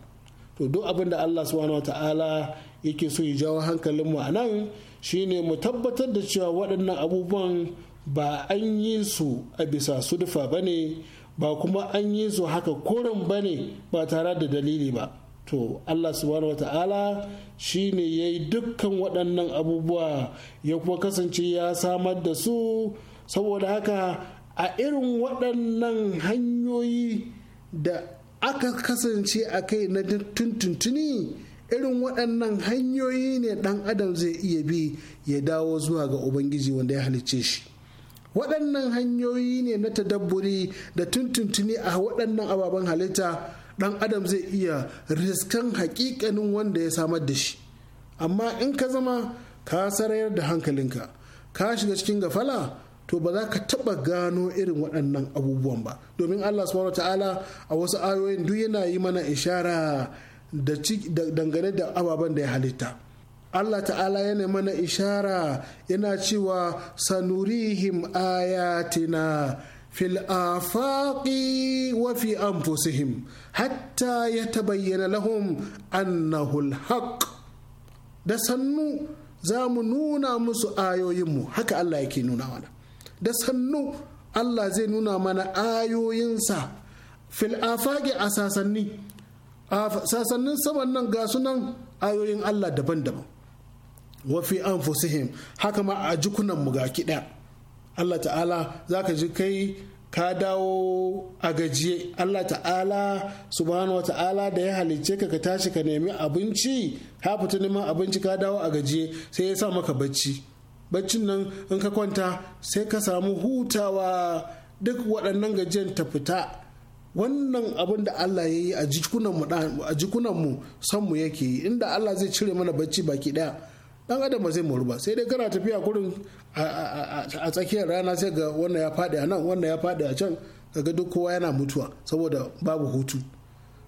S6: to duk abin da Allah subhanahu wata'ala yake so ya jawo hankalin mu anan shine mu tabbatar da cewa waɗannan abubuwan ba an yi su a bisa sudufa bane ba kuma an yi su haka koren bane ba tare da dalili ba to Allah subhanahu ta'ala shi ne ya yi dukkan waɗannan abubuwa ya kuma kasance ya samar da su saboda haka a irin waɗannan hanyoyi da aka kasance a kai na tuntuntuni irin waɗannan hanyoyi ne ɗan adam zai iya bi ya dawo zuwa ga ubangiji wanda ya halicce shi waɗannan hanyoyi ne na tadabburi da tuntuntuni a waɗannan ababen halitta ɗan adam zai iya riskan hakikanin wanda ya samar da shi amma in ka zama ka sarayar da hankalinka ka shiga cikin gafala to ba za ka taba gano irin waɗannan abubuwan ba domin Allah subhanahu ta'ala a wasu ayoyin duk yana yi mana ishara da dangane da ababen da ya halitta Allah ta'ala yana mana ishara yana cewa sanurihim ayatina fil afaqi wa fi anfusihim hatta yatabayyana lahum annahu alhaq da sannu za mu nuna musu ayoyinmu haka Allah yake nuna mana da sannu Allah zai nuna mana ayoyinsa fil afage a sasanni sasannin saman nan ga sunan ayoyin Allah daban-daban wafi an fusihim haka ma a jikunan mu ga kiɗa Allah ta'ala za ka ji kai ka dawo a gajiye Allah ta'ala subhanahu wa ta'ala da ya halicce ka tashi ka nemi abinci ka fita neman abinci ka dawo a gajiye sai ya sa maka bacci baccin nan in ka kwanta sai ka samu hutawa duk waɗannan gajiyar ta fita wannan abin da Allah ya yi a jikunanmu son mu yake yi inda Allah zai cire mana bacci baki ɗaya ɗan adam ba zai mu ba sai dai kana tafiya kurin a tsakiyar rana sai ga wannan ya faɗi a nan wannan ya faɗi a can kaga duk kowa yana mutuwa saboda babu hutu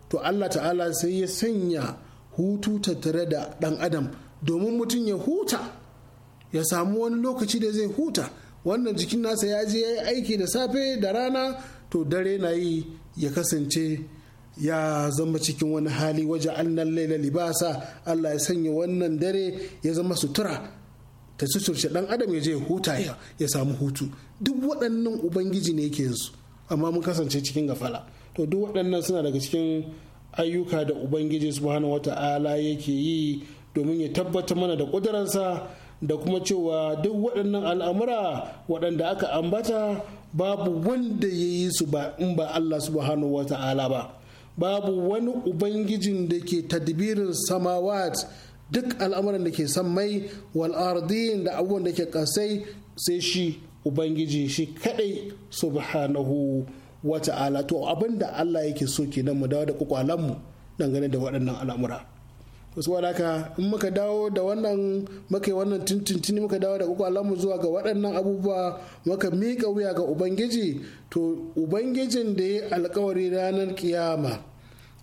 S6: to Allah ta'ala sai ya sanya hutu tattare da ɗan adam domin mutum ya huta ya samu wani lokaci da zai huta wannan jikin nasa ya je ya yi aiki da safe da rana to dare na yi ya kasance ya zama cikin wani hali waje annan laila libasa Allah ya sanya wannan dare ya zama sutura ta suturce dan adam ya je huta ya samu hutu duk waɗannan ubangiji ne yake yanzu amma mun kasance cikin gafala to duk waɗannan suna daga cikin ayyuka da ubangiji subhanahu wata'ala yake yi domin ya tabbatar mana da ƙudurarsa da kuma cewa duk waɗannan al'amura waɗanda aka ambata babu wanda ya yi su ba in ba Allah subhanahu wa ta'ala ba babu wani ubangijin da ke tadbirin samawat duk al'amuran da ke mai wal ardin da abubuwan da ke kasai sai shi ubangiji shi kadai subhanahu wa ta'ala to abinda Allah yake so kenan mu dawo da kwakwalan mu dangane da waɗannan al'amura wasu haka in muka dawo da wannan muka yi wannan tuntuntuni muka dawo da kuka alamu zuwa ga waɗannan abubuwa muka miƙa wuya ga ubangiji to ubangijin da ya alkawari ranar kiyama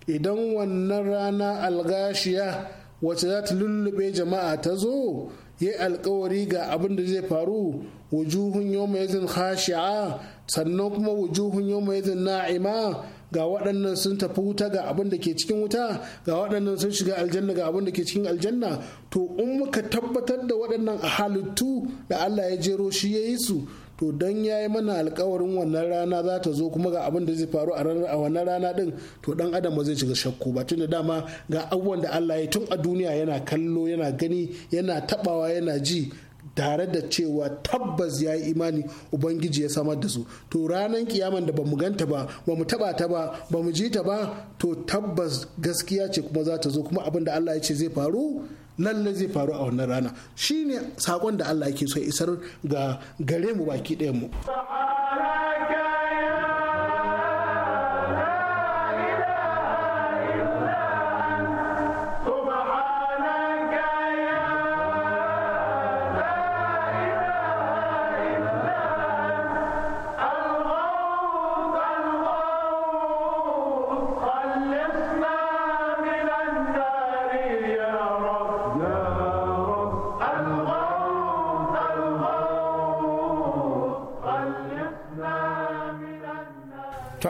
S6: idan wannan rana algashiya wacce za ta lullube jama'a ta zo ya alkawari ga abin da zai faru wujuhun yau mai zin khashi'a sannan kuma wujuhun yau mai na'ima ga waɗannan sun tafi wuta ga abin da ke cikin wuta ga waɗannan sun shiga aljanna ga abin da ke cikin aljanna to in muka tabbatar da waɗannan a halittu da Allah ya jero shi ya yi su to don ya yi mana alkawarin wannan rana za ta zo kuma ga abin da zai faru a wannan rana din to dan adam ba zai shiga shakku ba da dama ga abubuwan da Allah ya tun a duniya yana kallo yana gani yana tabawa yana ji tare da cewa tabbas ya yi imani ubangiji ya samar da su to ranar kiyaman da bamu ganta ba bamu taba ta ba bamu ji ta ba to tabbas gaskiya ce kuma za ta zo kuma abin da Allah ya ce zai faru lalle zai faru a wannan rana shine sakon da Allah yake so ya isar ga gare mu baki ɗayan
S1: mu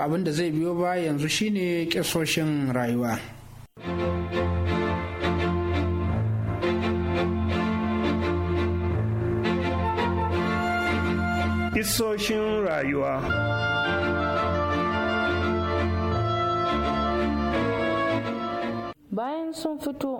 S2: abin da zai biyo ba yanzu shine kisoshin rayuwa.
S5: Kisoshin rayuwa
S7: Bayan sun fito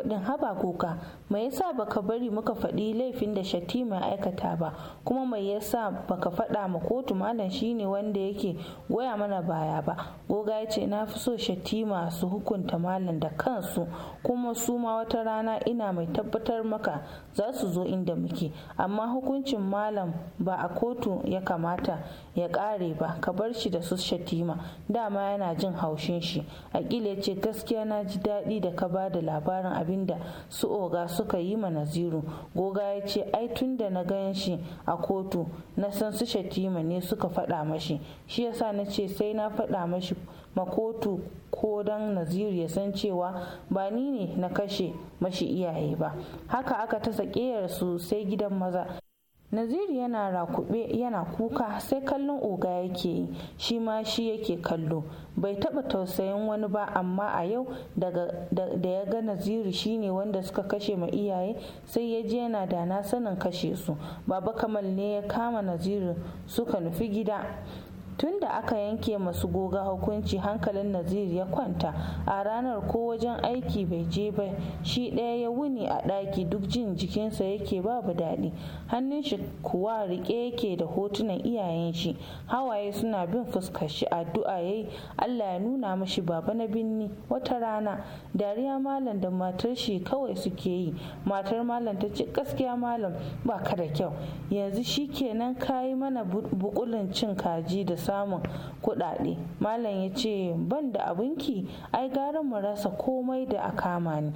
S7: faɗin haba kuka mai yasa baka bari muka faɗi laifin da shatima aikata ba kuma mai yasa baka faɗa ma kotu malam shine wanda yake goya mana baya ba goga ya ce na fi so shatima su hukunta malam da kansu kuma su ma wata rana ina mai tabbatar maka za su zo inda muke amma hukuncin malam ba a kotu ya kamata ya ƙare ba ka bar shi da su shatima dama yana jin haushin shi akila ya ce gaskiya na ji daɗi da ka ba da labarin abin abin da su oga suka yi ma naziru goga ya ce ai tun da na gan shi a kotu na san su shatima ne suka faɗa mashi shi yasa na ce sai na faɗa mashi makotu ko dan naziru ya san cewa ba ni ne na kashe mashi iyaye ba haka aka ta su sai gidan maza Naziru yana rakuɓe yana kuka sai kallon oga yake yi shi ma shi yake kallo bai taɓa tausayin wani ba amma a yau da ya ga Naziru shine wanda suka kashe ma iyaye sai ya je yana da na sanin kashe su baba kamal ne ya kama Naziru suka nufi gida tun da aka yanke masu goga hukunci hankalin nazir ya kwanta a ranar ko wajen aiki bai je ba shi ɗaya ya wuni a ɗaki duk jin jikinsa yake babu daɗi hannun shi kuwa riƙe yake da hotunan iyayen shi hawaye suna bin fuskar shi addu'a yi allah ya nuna mashi baba na binni wata rana dariya malam da matar shi kawai suke yi matar malam ta ce gaskiya malam ba ka da kyau yanzu shi kenan yi mana bukulin cin kaji da samun kuɗaɗe malam ya ce ban da abinki ai gara mu rasa komai da a kama ni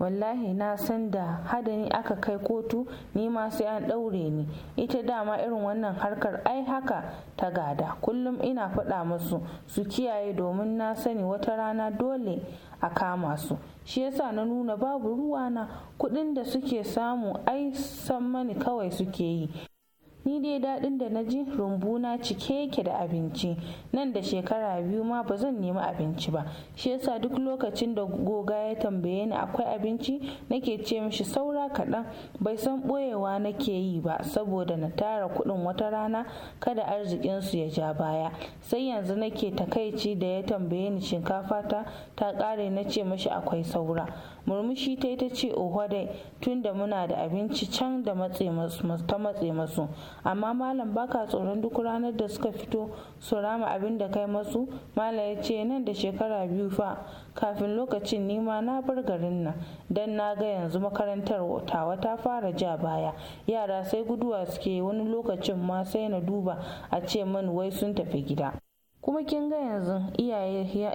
S7: wallahi na san da hadani aka kai kotu ni ma sai an ɗaure ni ita dama irin wannan harkar ai haka ta gada kullum ina faɗa musu su kiyaye domin na sani wata rana dole a kama su shi yasa na nuna babu ruwana kuɗin da suke samu ai san mani kawai suke yi ni dai daɗin da na ji rumbuna cike yake da abinci nan da shekara biyu ma ba zan nemi abinci ba shi yasa duk lokacin da goga ya tambaye ni akwai abinci nake ce mishi saura kaɗan bai san ɓoyewa nake yi ba saboda na tara kuɗin wata rana kada arzikin su ya ja baya sai yanzu nake takaici da ya tambaye ni shinkafa ta ta ƙare na ce mashi akwai saura murmushi ta yi ta ce oho dai tunda muna da abinci can da ta matse masu amma malam baka tsoron duk ranar da suka fito su rama abin da kai masu malam ya ce nan da shekara biyu fa kafin lokacin nima na bar garin nan dan na ga yanzu makarantar tawa ta fara ja baya yara sai guduwa suke wani lokacin ma sai na duba a ce min wai sun tafi gida kuma kin ga yanzu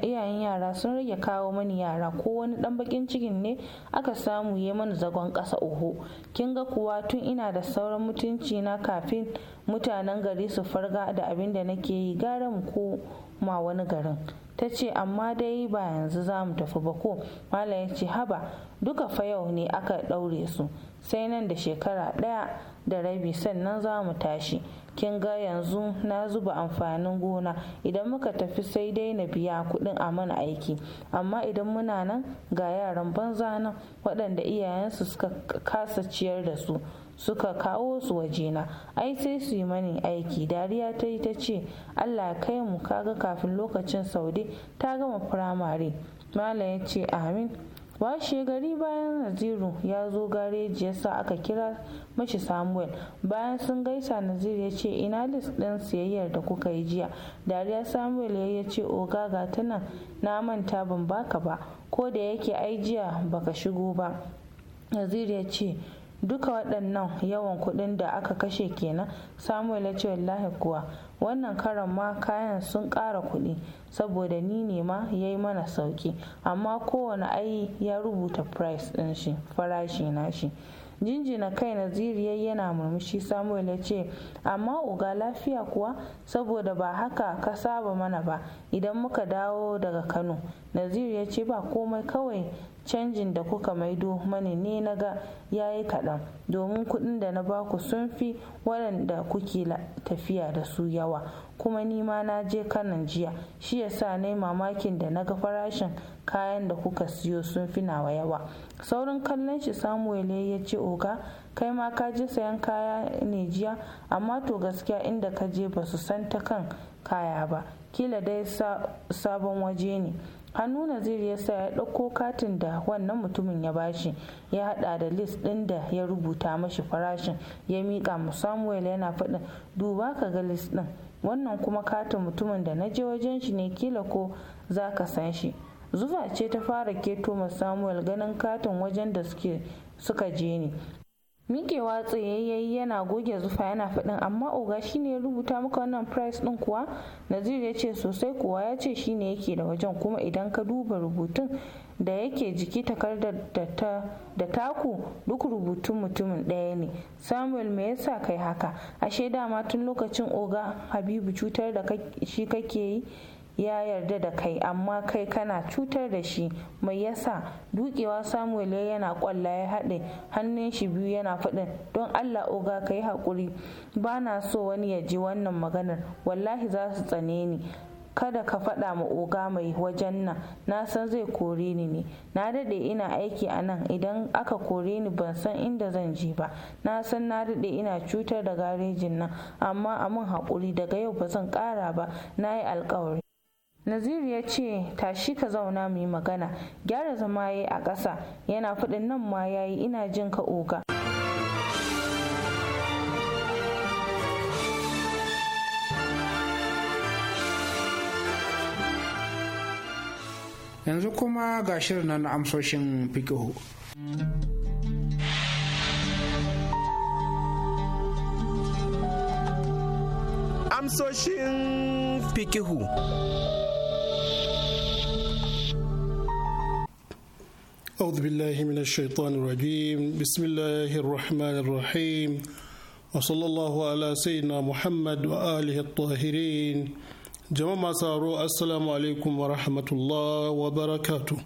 S7: iyayen yara sun rage kawo mani yara ko wani dan bakin cikin ne aka samu ya mana zagon ƙasa oho kin ga kuwa tun ina da sauran mutunci na kafin mutanen gari su farga da abin da nake yi gara mu ko ma wani garin ta ce amma dai ba yanzu za mu tafi ba ko malam ya ce haba duka fa yau ne aka ɗaure su sai nan da shekara ɗaya da rabi sannan za mu tashi kin ga yanzu na zuba amfanin gona idan muka tafi sai dai na biya kuɗin a mana aiki amma idan muna nan ga yaran banza nan waɗanda iyayensu suka kasa ciyar da su suka kawo su wajena ai sai su yi mani aiki dariya ta yi ta ce allah kai mu kaga kafin lokacin saudi ta gama firamare malam ya ce amin washe gari bayan naziru ya zo gareji ya sa aka kira mashi samuel bayan sun gaisa naziru ya ce ina list ɗin siyayyar da kuka yi jiya dariya samuel ya ce oga ga tana na manta ban baka ba ko da yake ai jiya baka shigo ba naziru ya ce duka waɗannan yawan kuɗin da aka kashe kenan samuel ya ce wallahi kuwa wannan karan ma kayan sun ƙara kuɗi saboda ni ne ma ya yi mana sauki amma kowane ai ya rubuta price ɗin shi farashi na shi jinjina kai naziriyar yana murmushi samuel ya ce amma uga lafiya kuwa saboda ba haka ka saba mana ba idan muka dawo daga kano nazir ya ce ba komai kawai canjin da kuka maido mani ne na ga yayi kaɗan domin kuɗin da na baku sun fi waɗanda kuke tafiya da su yawa kuma nima na je kanan jiya shi yasa na mamakin da na ga farashin kayan da kuka siyo sun fi nawa yawa saurin kallon shi samuel ya ce oga kai ma ka je sayan kaya ne jiya amma to gaskiya inda ka je ba su san kan kaya ba kila dai sabon waje ne hannu nazir ya sa ya ɗauko katin da wannan mutumin ya bashi ya hada da list ɗin da ya rubuta mashi farashin ya miƙa mu samuel yana faɗin duba ka ga list ɗin wannan kuma katin mutumin da na je wajen shi ne kila ko za ka san shi zuwa ce ta fara keto ma samuel ganin katin wajen da suke suka je ne mikewa tsayayyayi yana goge zufa yana faɗin amma oga shine ya rubuta maka wannan price ɗin kuwa nazir ya ce sosai kuwa ya ce shine yake da wajen kuma idan ka duba rubutun da yake jiki takardar da taku duk rubutun mutumin ɗaya ne samuel me yasa kai haka ashe dama tun lokacin oga habibu cutar da shi kake yi ya yarda da kai amma kai kana cutar da shi mai yasa dukewa samuel ya yana kwalla ya haɗe hannun shi biyu yana faɗin don allah oga ka yi haƙuri ba na so wani ya ji wannan maganar wallahi za su tsane ni kada ka faɗa ma oga mai wajen nan na san zai kore ni ne na daɗe ina aiki a nan idan aka kore ni ban san inda zan je ba na san na daɗe ina cutar da garejin nan amma a mun haƙuri daga yau ba zan ƙara ba na yi alƙawari naziru ya ce tashi ka zauna mu yi magana gyara zama ya a ƙasa yana faɗin nan ma ya yi ina jin ka oga
S2: yanzu kuma ga shirin na amsoshin fikihu
S5: amsoshin fikihu
S6: أعوذ بالله من الشيطان الرجيم بسم الله الرحمن الرحيم وصلى الله على سيدنا محمد وآله الطاهرين جماعة سارو السلام عليكم ورحمة الله وبركاته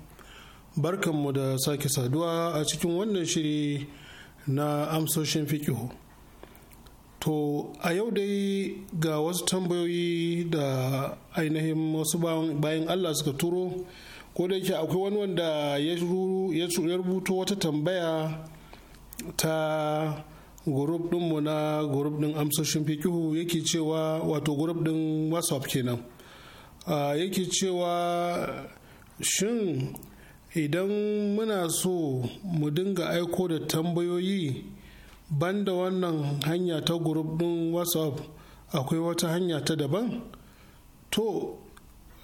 S6: barkan mu da sake saduwa a cikin wannan shiri na amsoshin fikihu to a yau dai ga wasu tambayoyi da ainihin wasu bayan allah suka turo ko da yake akwai wani wanda ya rubuto wata tambaya ta gurub dinmu na gurub din amsoshin fikihu yake cewa wato gurub din whatsapp kenan yake cewa shin idan muna so mu dinga aiko da tambayoyi banda wannan hanya ta gurub din whatsapp akwai wata hanya ta daban to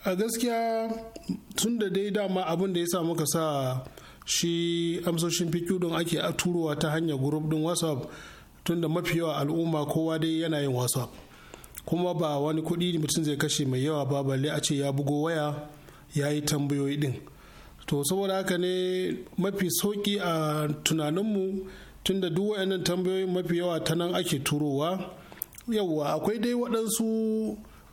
S6: a gaskiya tun da dai dama abin da ya sa muka sa shi amsoshin fikiyu don ake turowa ta hanyar gurub din whatsapp tun da mafi yawa al'umma kowa dai yana yin whatsapp kuma ba wani kuɗi mutum zai kashe mai yawa ba balle a ce ya bugo waya ya yi tambayoyi din to saboda haka ne mafi sauki a tunaninmu tun da duk waɗannan tambayoyin mafi yawa ta nan ake turowa yawwa akwai dai waɗansu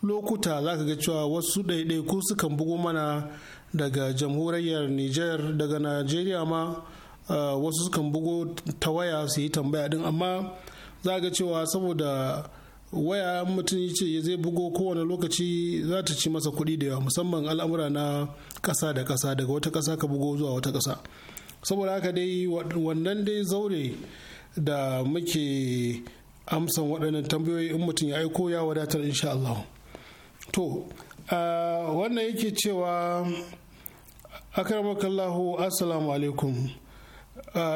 S6: lokuta za ka ga cewa wasu ɗaiɗaiku sukan bugo mana daga jamhuriyar niger daga najeriya ma wasu sukan bugo ta waya su yi tambaya din amma za ga cewa saboda waya mutum ya ce zai bugo kowane lokaci za ta ci masa kuɗi da yawa musamman al'amura na ƙasa da ƙasa daga wata ƙasa ka bugo zuwa wata ƙasa saboda haka dai wannan dai zaure da muke amsan waɗannan tambayoyi in mutum ya aiko ya wadatar insha Allah. to wannan yake cewa akaramakallahu assalamu alaikum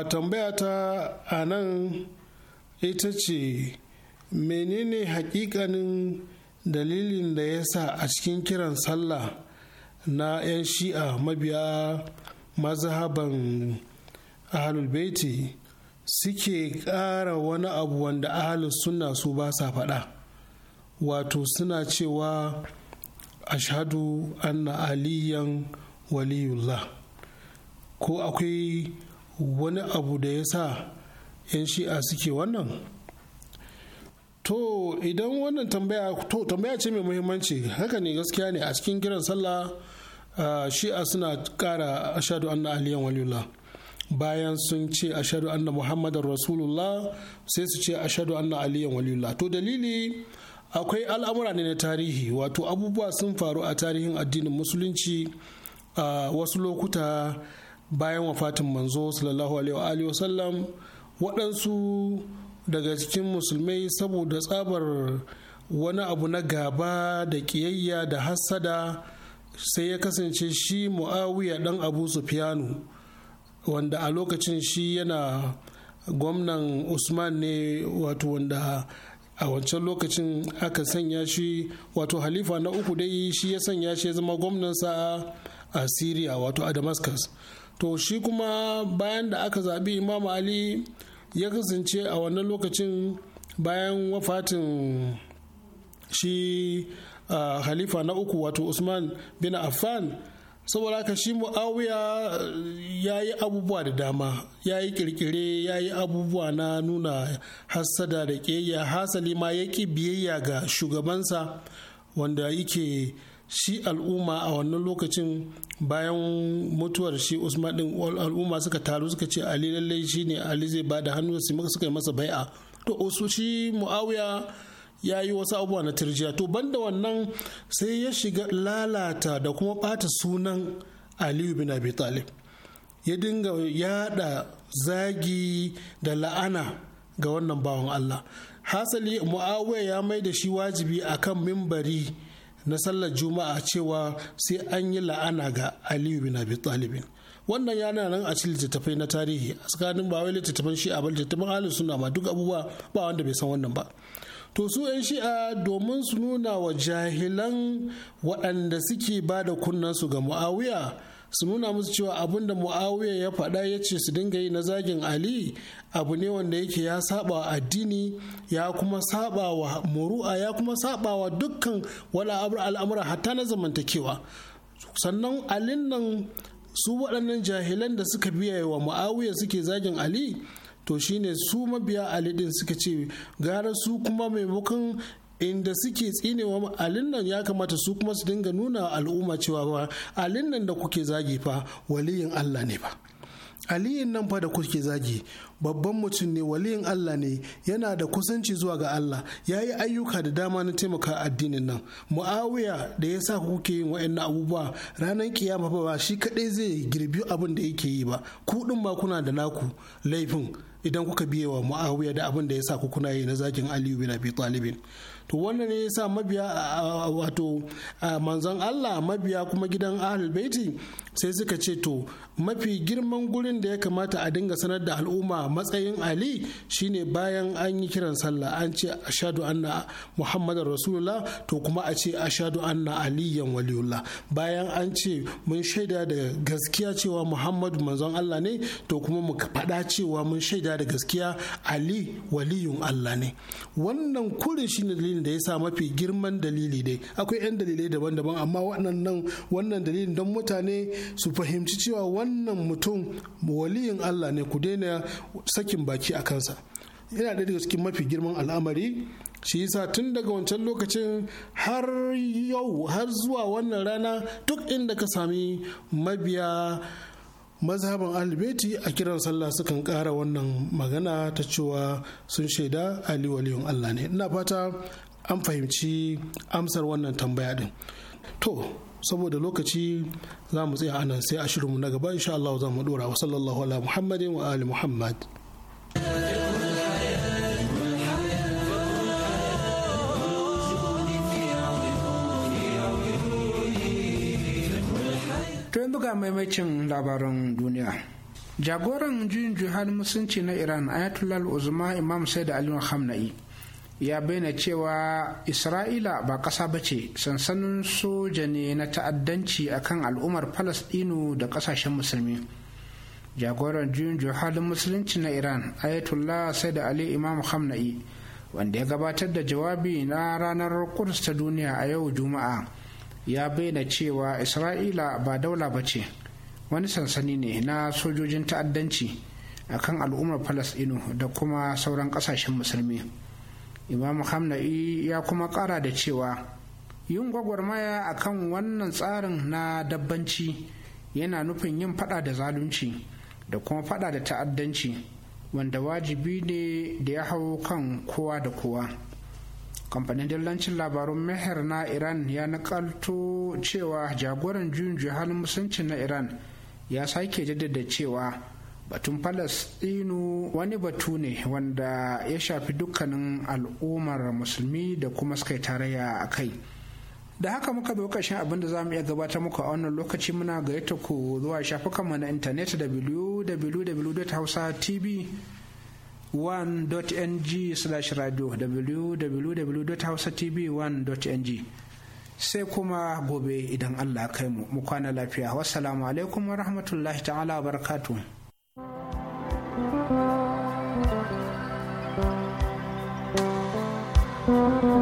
S6: tambaya ta a nan ita ce menene hakikanin dalilin da ya sa a cikin kiran sallah na 'yan shi'a mabiya mazhaban ahalul baiti suke ƙara wani abu wanda ahalus sunna su ba sa faɗa wato suna cewa ashadu anna aliyan waliyullah ko akwai wani abu da ya sa 'yan shi'a suke wannan to idan wannan tambaya to tambaya ce mai muhimmanci haka ne gaskiya ne a cikin kiran sallah shi'a suna kara ashadu anna aliyan waliyullah bayan sun ce ashadu anna muhammadar rasulullah sai su ce ashadu anna aliyan waliyullah to dalili akwai al'amura ne na tarihi wato abubuwa sun faru a tarihin addinin musulunci a wasu lokuta bayan wafatin manzo sallallahu alaihi wa sallam waɗansu daga cikin musulmai saboda tsabar wani abu na gaba da ƙiyayya da hassada sai ya kasance shi mu'awiya ɗan abu sufiyanu wanda a lokacin shi yana gwamnan usman ne wato wanda a wancan lokacin aka sanya shi wato halifa na uku dai shi ya sanya shi ya zama gwamnansa a syria wato a damascus to shi kuma bayan da aka zaɓi imam ali ya kasance a wannan lokacin bayan wafatin shi ah, halifa na uku wato usman bin affan saboda haka shi muawiya eh, ya yi abubuwa da dama ya yi kirkire ya yi abubuwa na nuna hassada da ƙeya hasali ma ya ƙi biyayya ga shugabansa wanda yake shi al'umma a wannan lokacin bayan mutuwar shi usman din al'umma suka taru suka ce ali lallai shi ne ali zai ba da hannu suka yi masa bai'a to shi muawiya ya yi wasu abubuwa na tirjiya to banda wannan sai ya shiga lalata da kuma ɓata sunan aliyu bin abi talib ya dinga yada zagi da la'ana ga wannan bawan allah hasali mu'awiya ya mai da shi wajibi a kan mimbari na sallar juma'a cewa sai an yi la'ana ga aliyu bin abi talibin wannan yana nan a cikin littattafai na tarihi a tsakanin ba wai littattafan shi a littattafan halin suna ma duk abubuwa ba wanda bai san wannan ba to su 'yan shi'a domin su nuna wa jahilan waɗanda suke ba da kunnansu ga mu'awiya su nuna musu cewa abin da mu'awiya ya faɗa ya ce su dinga yi na zagin ali abu ne wanda yake ya saba wa addini ya kuma saba wa muru'a ya kuma saba wa dukkan wala al'amura hatta na zamantakewa sannan alin nan su waɗannan jahilan da suka biya wa mu'awiya suke zagin ali to shine su mabiya ali din suka ce gara su kuma maimakon inda suke tsinewa alin nan ya kamata su kuma su dinga nuna al'umma cewa ba alin nan da kuke zagi fa waliyin Allah ne ba aliyin nan fa da kuke zagi babban mutum ne waliyin Allah ne yana da kusanci zuwa ga Allah ya yi ayyuka da dama na taimaka addinin nan mu'awiya da ya sa kuke yin wa'annan abubuwa ranar kiyama ba shi kadai zai girbi abin da yake yi ba Kuɗin ma kuna da naku laifin idan kuka biye wa muawiya da abin da ya sa ku kuna yi na zagin aliyu bin abi talibin to wannan ne ya sa mabiya wato manzon Allah mabiya kuma gidan ahlul baiti sai suka ce to mafi girman gurin da ya kamata a dinga sanar da al'umma matsayin ali shine bayan an yi kiran sallah an ce ashadu anna muhammadar rasulullah to kuma a ce ashadu anna aliyan waliyullah bayan an ce mun shaida da gaskiya cewa muhammadu manzon allah ne to kuma mu faɗa cewa mun shaida da gaskiya ali waliyun allah ne wannan kurin shine dalilin da ya sa mafi girman dalili dai akwai 'yan dalilai daban-daban amma wannan dalilin don mutane su fahimci cewa wannan mutum waliyin Allah ne ku daina sakin baki a kansa yana ɗaya daga cikin mafi girman al'amari shi yasa tun daga wancan lokacin har yau har zuwa wannan rana duk inda ka sami mabiya mazhaban albeti a kiran sallah sukan ƙara wannan magana ta cewa sun shaida ali waliyun allah ne ina fata an fahimci amsar wannan tambaya din to saboda lokaci za mu tsaya anan sai a shirinmu na gaba insha Allah za mu dora wa sallallahu ala muhammadin wa ali muhammad
S2: To yanzu ga maimacin labaran duniya. Jagoran juyin juhar musulunci na Iran Ayatollah Uzma Imam Said Ali Khamenei ya bayyana cewa isra'ila ba ƙasa ba ce sansanin soja ne na ta'addanci akan al'ummar Falasɗinu da ƙasashen musulmi jagoran juyin halin musulunci na iran ayatollah da ali imam hamna'i wanda ya gabatar da jawabi na ranar kudus ta duniya a yau juma'a ya bayyana cewa isra'ila ba daula ba ce wani sansani ne na sojojin ta'addanci akan al'ummar Falasɗinu da kuma sauran ƙasashen musulmi imam hamna'i ya kuma kara da cewa yin gwagwarmaya a kan wannan tsarin na dabbanci yana nufin yin fada da zalunci da kuma fada da ta'addanci wanda wajibi ne da ya hau kan kowa da kowa kamfanin dillancin labarun meher na iran ya nakalto cewa jagoran juyin halin musulunci na iran ya sake jaddada cewa batun Falasɗinu wani batu ne wanda ya shafi dukkanin al'ummar musulmi da kuma suka yi tarayya a kai da haka muka bi ƙarshen abin da za mu iya gabatar muku a wannan lokaci muna gayyata ku zuwa shafukanmu na intanet www.hausatv 1.ng slash radio www.hausatv1.ng sai kuma gobe idan Allah kai mu mu kwana lafiya wasu alaikum wa rahmatullahi ta'ala wa barakatuh
S1: Thank you.